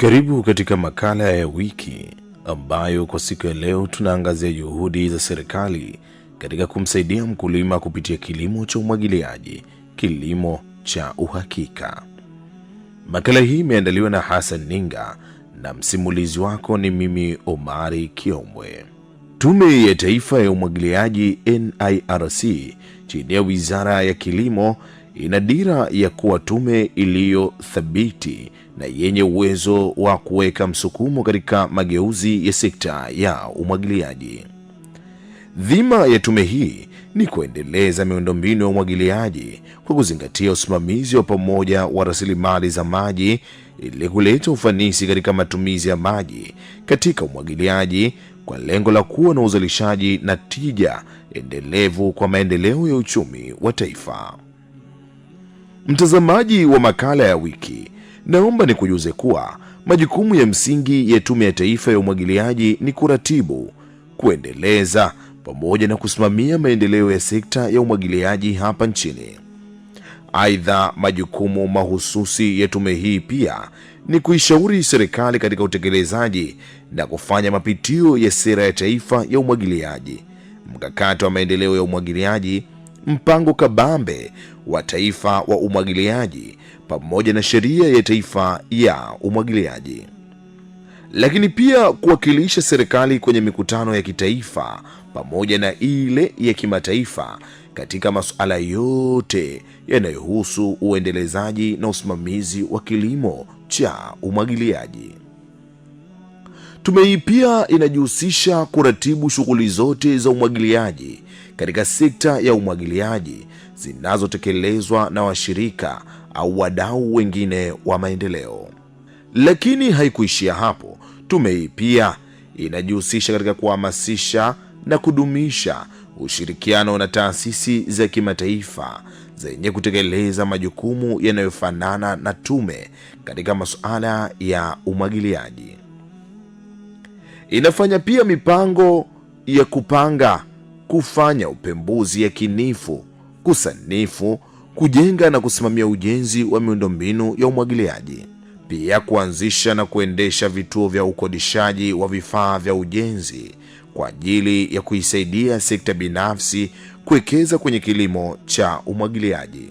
Karibu katika makala ya wiki ambayo kwa siku ya leo tunaangazia juhudi za serikali katika kumsaidia mkulima kupitia kilimo cha umwagiliaji, kilimo cha uhakika. Makala hii imeandaliwa na Hassan Ninga na msimulizi wako ni mimi Omari Kiombwe. Tume ya Taifa ya Umwagiliaji NIRC chini ya Wizara ya Kilimo ina dira ya kuwa tume iliyothabiti na yenye uwezo wa kuweka msukumo katika mageuzi ya sekta ya umwagiliaji. Dhima ya tume hii ni kuendeleza miundombinu ya umwagiliaji kwa kuzingatia usimamizi wa pamoja wa rasilimali za maji ili kuleta ufanisi katika matumizi ya maji katika umwagiliaji kwa lengo la kuwa na uzalishaji na tija endelevu kwa maendeleo ya uchumi wa taifa. Mtazamaji wa makala ya wiki Naomba nikujuze kuwa majukumu ya msingi ya Tume ya Taifa ya Umwagiliaji ni kuratibu, kuendeleza pamoja na kusimamia maendeleo ya sekta ya umwagiliaji hapa nchini. Aidha, majukumu mahususi ya tume hii pia ni kuishauri serikali katika utekelezaji na kufanya mapitio ya sera ya taifa ya umwagiliaji, mkakati wa maendeleo ya umwagiliaji, mpango kabambe wa taifa wa umwagiliaji pamoja na sheria ya taifa ya umwagiliaji, lakini pia kuwakilisha serikali kwenye mikutano ya kitaifa pamoja na ile ya kimataifa katika masuala yote yanayohusu uendelezaji na usimamizi wa kilimo cha umwagiliaji. Tume hii pia inajihusisha kuratibu shughuli zote za umwagiliaji katika sekta ya umwagiliaji zinazotekelezwa na washirika au wadau wengine wa maendeleo. Lakini haikuishia hapo. Tume hii pia inajihusisha katika kuhamasisha na kudumisha ushirikiano na taasisi za kimataifa zenye kutekeleza majukumu yanayofanana na tume katika masuala ya umwagiliaji. Inafanya pia mipango ya kupanga, kufanya upembuzi yakinifu, kusanifu kujenga na kusimamia ujenzi wa miundombinu ya umwagiliaji, pia kuanzisha na kuendesha vituo vya ukodishaji wa vifaa vya ujenzi kwa ajili ya kuisaidia sekta binafsi kuwekeza kwenye kilimo cha umwagiliaji.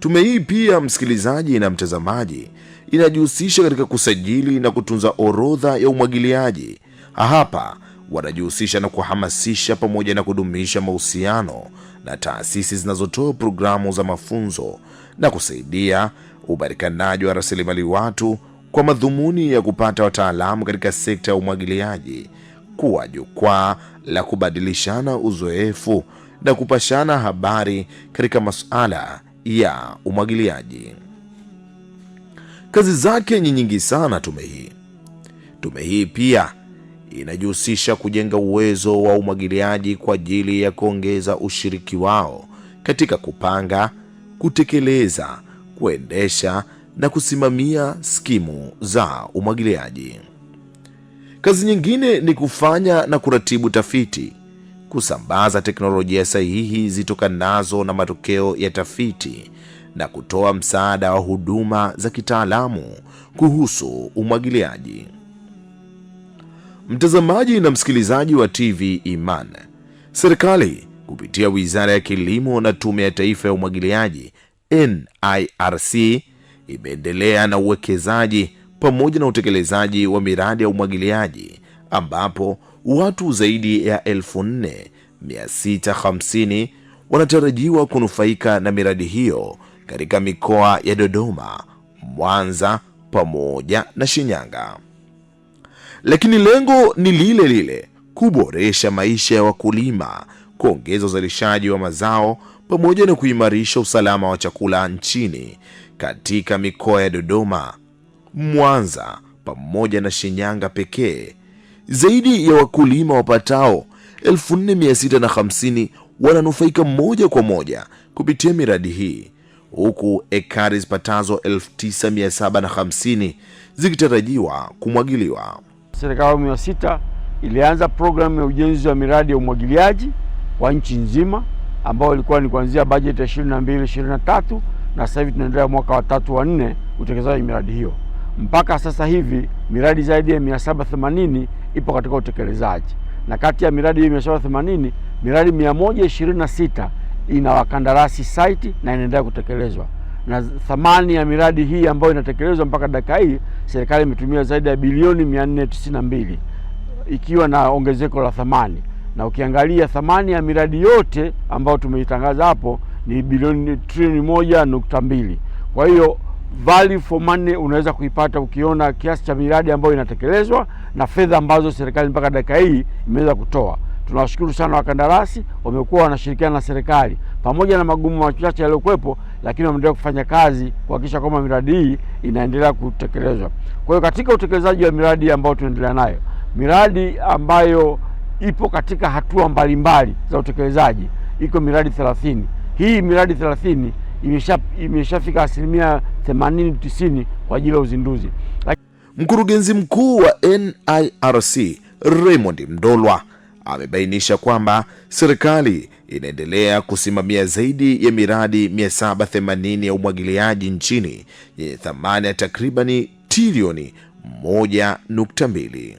Tume hii pia, msikilizaji na mtazamaji, inajihusisha katika kusajili na kutunza orodha ya umwagiliaji. Hapa wanajihusisha na kuhamasisha pamoja na kudumisha mahusiano na taasisi zinazotoa programu za mafunzo na kusaidia upatikanaji wa rasilimali watu kwa madhumuni ya kupata wataalamu katika sekta ya umwagiliaji kuwa jukwaa la kubadilishana uzoefu na kupashana habari katika masuala ya umwagiliaji. Kazi zake ni nyingi sana tume hii. Tume hii pia inajihusisha kujenga uwezo wa umwagiliaji kwa ajili ya kuongeza ushiriki wao katika kupanga, kutekeleza, kuendesha na kusimamia skimu za umwagiliaji. Kazi nyingine ni kufanya na kuratibu tafiti, kusambaza teknolojia sahihi zitokanazo na matokeo ya tafiti na kutoa msaada wa huduma za kitaalamu kuhusu umwagiliaji. Mtazamaji na msikilizaji wa TV Iman, serikali kupitia Wizara ya Kilimo na Tume ya Taifa ya Umwagiliaji NIRC imeendelea na uwekezaji pamoja na utekelezaji wa miradi ya umwagiliaji ambapo watu zaidi ya 4650 wanatarajiwa kunufaika na miradi hiyo katika mikoa ya Dodoma, Mwanza pamoja na Shinyanga lakini lengo ni lile lile, kuboresha maisha ya wakulima, kuongeza uzalishaji wa mazao pamoja na kuimarisha usalama wa chakula nchini katika mikoa ya Dodoma, Mwanza pamoja na Shinyanga pekee. Zaidi ya wakulima wapatao 4650 wananufaika moja kwa moja kupitia miradi hii huku ekari zipatazo 9750 zikitarajiwa kumwagiliwa. Serikali awamu ya sita ilianza programu ya ujenzi wa miradi ya umwagiliaji kwa nchi nzima ambao ilikuwa ni kuanzia bajeti ya ishirini na mbili ishirini na tatu na sasa hivi tunaendelea mwaka wa tatu wa nne utekelezaji miradi hiyo. Mpaka sasa hivi miradi zaidi ya mia saba themanini ipo katika utekelezaji, na kati ya miradi hiyo mia saba themanini miradi mia moja ishirini na sita ina wakandarasi site na inaendelea kutekelezwa na thamani ya miradi hii ambayo inatekelezwa mpaka dakika hii, serikali imetumia zaidi ya bilioni mbili ikiwa na ongezeko la thamani, na ukiangalia thamani ya miradi yote ambayo tumeitangaza hapo ni bilioni trilioni moja nukta mbili. Kwa hiyo value for money unaweza kuipata ukiona kiasi cha miradi ambayo inatekelezwa na fedha ambazo serikali mpaka dakika hii imeweza kutoa. Tunawashukuru sana wakandarasi, wamekuwa wanashirikiana na serikali pamoja na magumu machache yaliyokuwepo, lakini wameendelea kufanya kazi kuhakikisha kwamba miradi hii inaendelea kutekelezwa. Kwa hiyo katika utekelezaji wa miradi ambayo tunaendelea nayo, miradi ambayo ipo katika hatua mbalimbali mbali za utekelezaji, iko miradi thelathini. Hii miradi thelathini imeshafika imesha asilimia themanini tisini kwa ajili ya uzinduzi. Mkurugenzi mkuu wa NIRC Raymond Mdolwa amebainisha kwamba serikali inaendelea kusimamia zaidi ya miradi 780 ya umwagiliaji nchini yenye thamani ya takribani trilioni 1.2.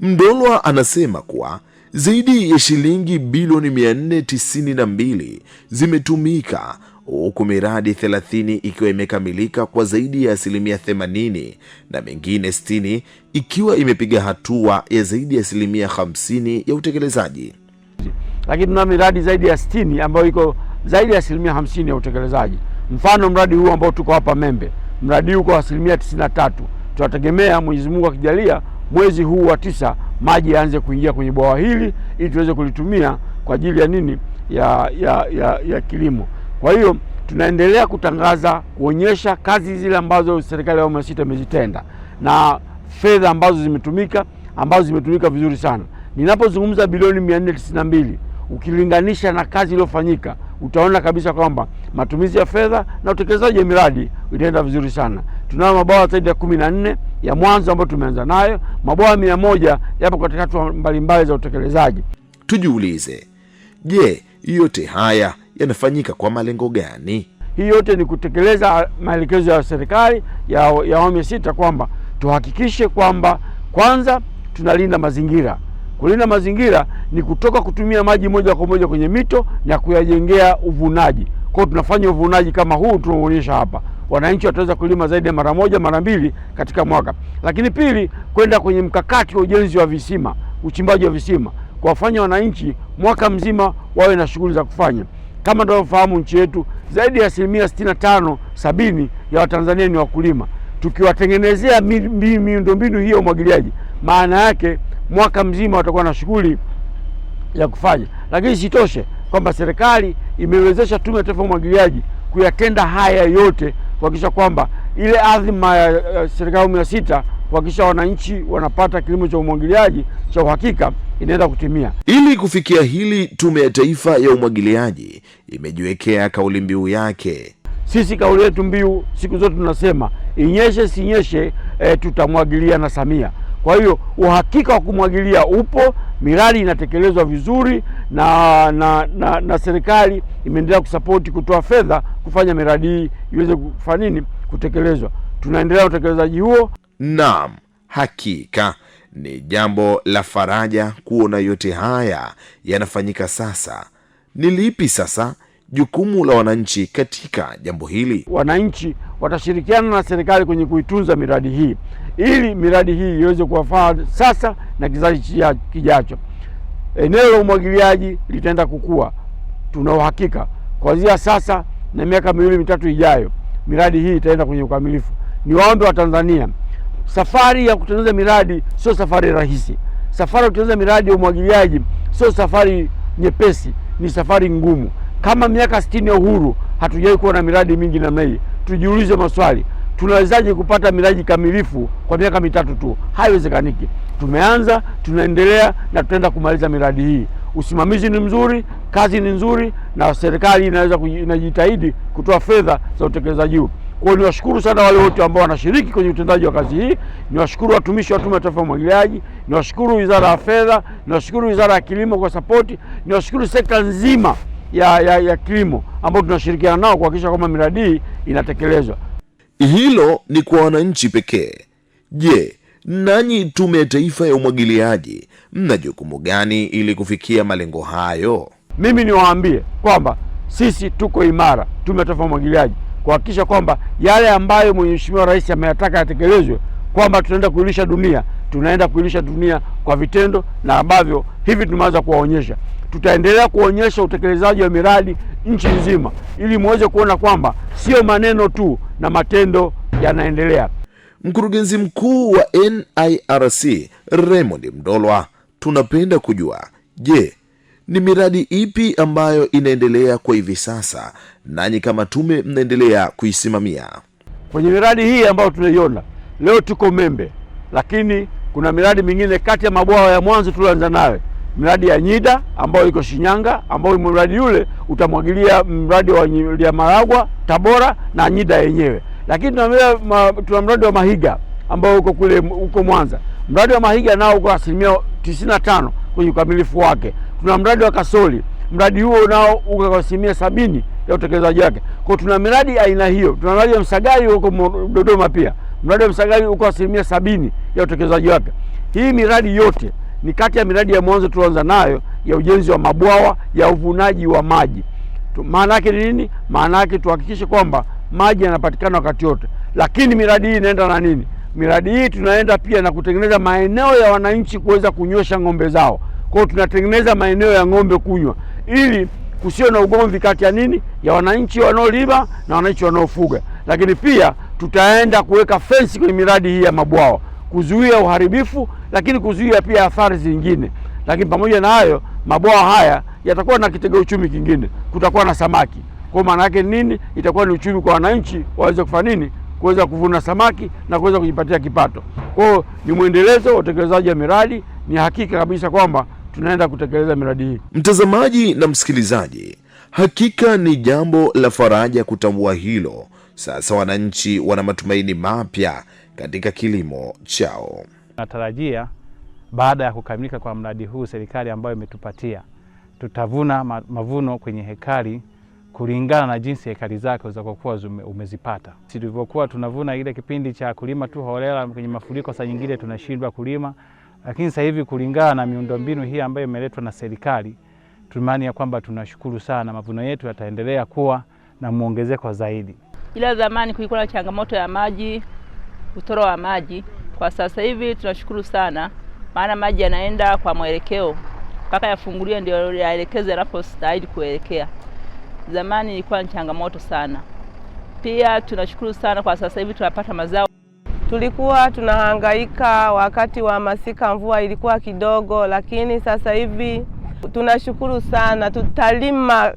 Mdolwa anasema kuwa zaidi ya shilingi bilioni 492 zimetumika huku miradi 30 ikiwa imekamilika kwa zaidi ya asilimia 80 na mingine 60 ikiwa imepiga hatua ya zaidi ya asilimia 50 ya utekelezaji. Lakini tuna miradi zaidi ya 60 ambayo iko zaidi ya asilimia 50 ya utekelezaji. Mfano mradi huu ambao tuko hapa Membe, mradi huu uko asilimia 93. Tunategemea Mwenyezi Mungu akijalia, mwezi huu wa tisa maji yaanze kuingia kwenye bwawa hili ili tuweze kulitumia kwa ajili ya nini, ya, ya, ya, ya kilimo. Kwa hiyo tunaendelea kutangaza kuonyesha kazi zile ambazo serikali ya awamu ya sita imezitenda na fedha ambazo zimetumika ambazo zimetumika vizuri sana. Ninapozungumza bilioni 492 ukilinganisha na kazi iliyofanyika utaona kabisa kwamba matumizi ya fedha na utekelezaji wa miradi itaenda vizuri sana. Tunayo mabwawa zaidi ya kumi na nne ya mwanzo ambayo tumeanza nayo, mabwawa mia moja yapo katika hatua mbalimbali za utekelezaji. Tujiulize, je, yote haya yanafanyika kwa malengo gani? Hii yote ni kutekeleza maelekezo ya serikali ya awamu ya sita kwamba tuhakikishe kwamba kwanza tunalinda mazingira. Kulinda mazingira ni kutoka kutumia maji moja kwa moja kwenye mito na kuyajengea uvunaji. Kwa hiyo tunafanya uvunaji kama huu tunaoonyesha hapa, wananchi wataweza kulima zaidi ya mara moja mara mbili katika mwaka. Lakini pili, kwenda kwenye mkakati wa ujenzi wa visima, uchimbaji wa visima, kuwafanya wananchi mwaka mzima wawe na shughuli za kufanya. Kama tunavyofahamu nchi yetu zaidi ya asilimia sitini na tano sabini ya Watanzania ni wakulima. Tukiwatengenezea miundombinu hiyo umwagiliaji, maana yake mwaka mzima watakuwa na shughuli ya kufanya. Lakini sitoshe kwamba serikali imewezesha Tume ya Taifa ya Umwagiliaji kuyatenda haya yote kuhakikisha kwamba ile adhima ya serikali awamu ya sita kuhakikisha wananchi wanapata kilimo cha umwagiliaji cha uhakika inaweza kutimia. Ili kufikia hili, Tume ya Taifa ya Umwagiliaji imejiwekea kauli mbiu yake. Sisi kauli yetu mbiu siku zote tunasema inyeshe sinyeshe, e, tutamwagilia na Samia. Kwa hiyo uhakika wa kumwagilia upo, miradi inatekelezwa vizuri na, na, na, na serikali imeendelea kusapoti kutoa fedha kufanya miradi hii iweze kufanya nini kutekelezwa. Tunaendelea utekelezaji huo. Naam, hakika ni jambo la faraja kuona yote haya yanafanyika sasa. Ni lipi sasa jukumu la wananchi katika jambo hili? Wananchi watashirikiana na serikali kwenye kuitunza miradi hii ili miradi hii iweze kuwafaa sasa na kizazi kijacho. Eneo la umwagiliaji litaenda kukua, tuna uhakika kwanzia sasa na miaka miwili mitatu ijayo miradi hii itaenda kwenye ukamilifu. ni wa Watanzania Safari ya kutengeneza miradi sio safari rahisi. Safari ya kutengeneza miradi ya umwagiliaji sio safari nyepesi, ni safari ngumu. Kama miaka sitini ya uhuru hatujawahi kuwa na miradi mingi namna hii. Tujiulize maswali, tunawezaje kupata miradi kamilifu kwa miaka mitatu tu? Haiwezekaniki. Tumeanza, tunaendelea na tutaenda kumaliza miradi hii. Usimamizi ni mzuri, kazi ni nzuri, na serikali inaweza inajitahidi kutoa fedha za utekelezaji huu. Kwa hiyo niwashukuru sana wale wote ambao wanashiriki kwenye utendaji wa kazi hii. Niwashukuru watumishi wa Tume ya Taifa ya Umwagiliaji, niwashukuru Wizara ya Fedha, niwashukuru Wizara ya Kilimo kwa sapoti, niwashukuru sekta nzima ya, ya, ya kilimo ambao tunashirikiana nao kuhakikisha kwamba miradi hii inatekelezwa. Hilo ni kwa wananchi pekee. Je, nanyi Tume ya Taifa ya Umwagiliaji mna jukumu gani ili kufikia malengo hayo? Mimi niwaambie kwamba sisi tuko imara, Tume ya Taifa ya Umwagiliaji kuhakikisha kwamba yale ambayo Mheshimiwa Rais ameyataka yatekelezwe, kwamba tunaenda kuilisha dunia, tunaenda kuilisha dunia kwa vitendo, na ambavyo hivi tumeanza kuwaonyesha. Tutaendelea kuonyesha utekelezaji wa miradi nchi nzima, ili muweze kuona kwamba sio maneno tu na matendo yanaendelea. Mkurugenzi mkuu wa NIRC Raymond Mdolwa, tunapenda kujua je, ni miradi ipi ambayo inaendelea kwa hivi sasa, nanyi kama tume mnaendelea kuisimamia? Kwenye miradi hii ambayo tunaiona leo tuko Membe, lakini kuna miradi mingine kati ya mabwawa ya mwanzo tulioanza nayo, miradi ya Nyida ambayo iko Shinyanga, ambayo mradi yule utamwagilia mradi wa Maragwa, Tabora na Nyida yenyewe. Lakini tuna mradi wa Mahiga ambao uko kule huko Mwanza. Mradi wa Mahiga nao uko asilimia tisini na tano kwenye ukamilifu wake tuna mradi wa Kasoli, mradi huo nao uko kwa asilimia sabini ya utekelezaji wake. Kwa tuna miradi aina hiyo, tuna mradi wa Msagari huko Dodoma, pia mradi wa Msagari uko asilimia sabini ya utekelezaji wake. Hii miradi yote ni kati ya miradi ya mwanzo tulianza nayo ya ujenzi wa mabwawa ya uvunaji wa maji. Maana yake ni nini? Maana yake tuhakikishe kwamba maji yanapatikana wakati wote, lakini miradi hii inaenda na nini? Miradi hii tunaenda pia na kutengeneza maeneo ya wananchi kuweza kunywesha ng'ombe zao kwao, tunatengeneza maeneo ya ng'ombe kunywa ili kusio na ugomvi kati ya nini ya wananchi wanaolima na wananchi wanaofuga. Lakini pia tutaenda kuweka fensi kwenye miradi hii ya mabwawa kuzuia uharibifu, lakini kuzuia pia athari zingine. Lakini pamoja na hayo, mabwawa haya yatakuwa na kitega uchumi kingine, kutakuwa na samaki. Kwa maana yake nini? Itakuwa ni uchumi kwa wananchi waweze kufanya nini, kuweza kuvuna samaki na kuweza kujipatia kipato. Kwa hiyo ni mwendelezo wa utekelezaji wa miradi. Ni hakika kabisa kwamba tunaenda kutekeleza miradi hii. Mtazamaji na msikilizaji, hakika ni jambo la faraja kutambua hilo. Sasa wananchi wana matumaini mapya katika kilimo chao. Natarajia baada ya kukamilika kwa mradi huu, serikali ambayo imetupatia, tutavuna mavuno kwenye hekari kulingana na jinsi hekari zake zakokuwa umezipata. Tulivyokuwa tunavuna ile kipindi cha kulima tu holela kwenye mafuriko, saa nyingine tunashindwa kulima. Lakini sasa hivi kulingana na miundombinu hii ambayo imeletwa na serikali, tumani ya kwamba tunashukuru sana, mavuno yetu yataendelea kuwa na muongezeko zaidi. Ila zamani kulikuwa na changamoto ya maji, utoro wa maji. Kwa sasa hivi tunashukuru sana, maana maji yanaenda kwa mwelekeo mpaka yafungulie ndio yaelekeze yanapostahili kuelekea. Zamani ilikuwa ni changamoto sana. Pia tunashukuru sana kwa sasa hivi tunapata mazao. Tulikuwa tunahangaika wakati wa masika, mvua ilikuwa kidogo, lakini sasa hivi tunashukuru sana. Tutalima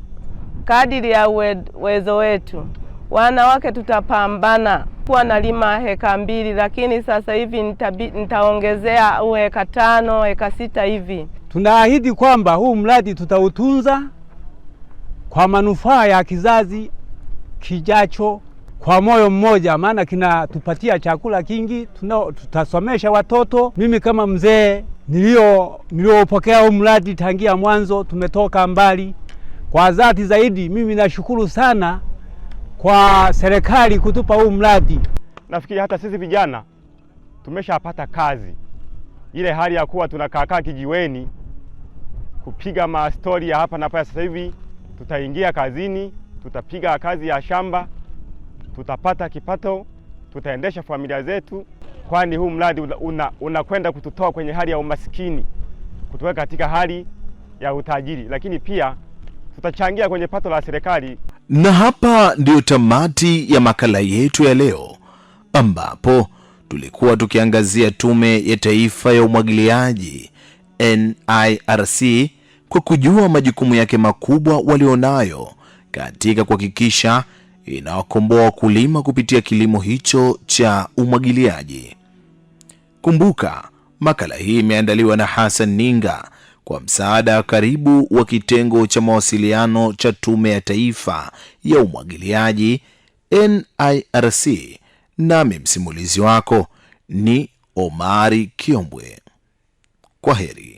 kadiri ya uwezo wetu, wanawake tutapambana. Kuwa nalima heka mbili, lakini sasa hivi nitaongezea au heka tano, heka sita hivi. Tunaahidi kwamba huu mradi tutautunza kwa manufaa ya kizazi kijacho kwa moyo mmoja, maana kinatupatia chakula kingi tutasomesha watoto. Mimi kama mzee nilio niliopokea huu mradi tangia mwanzo, tumetoka mbali kwa dhati zaidi. Mimi nashukuru sana kwa serikali kutupa huu mradi. Nafikiri hata sisi vijana tumeshapata kazi, ile hali ya kuwa tunakaakaa kijiweni kupiga mastori ya hapa na pale. Sasa hivi tutaingia kazini, tutapiga kazi ya shamba tutapata kipato, tutaendesha familia zetu, kwani huu mradi unakwenda una kututoa kwenye hali ya umasikini kutuweka katika hali ya utajiri, lakini pia tutachangia kwenye pato la serikali. Na hapa ndiyo tamati ya makala yetu ya leo, ambapo tulikuwa tukiangazia Tume ya Taifa ya Umwagiliaji NIRC kwa kujua majukumu yake makubwa walionayo katika kuhakikisha inawakomboa wakulima kupitia kilimo hicho cha umwagiliaji. Kumbuka, makala hii imeandaliwa na Hassan Ninga kwa msaada wa karibu wa kitengo cha mawasiliano cha Tume ya Taifa ya Umwagiliaji NIRC, nami msimulizi wako ni Omari Kiombwe. Kwa heri.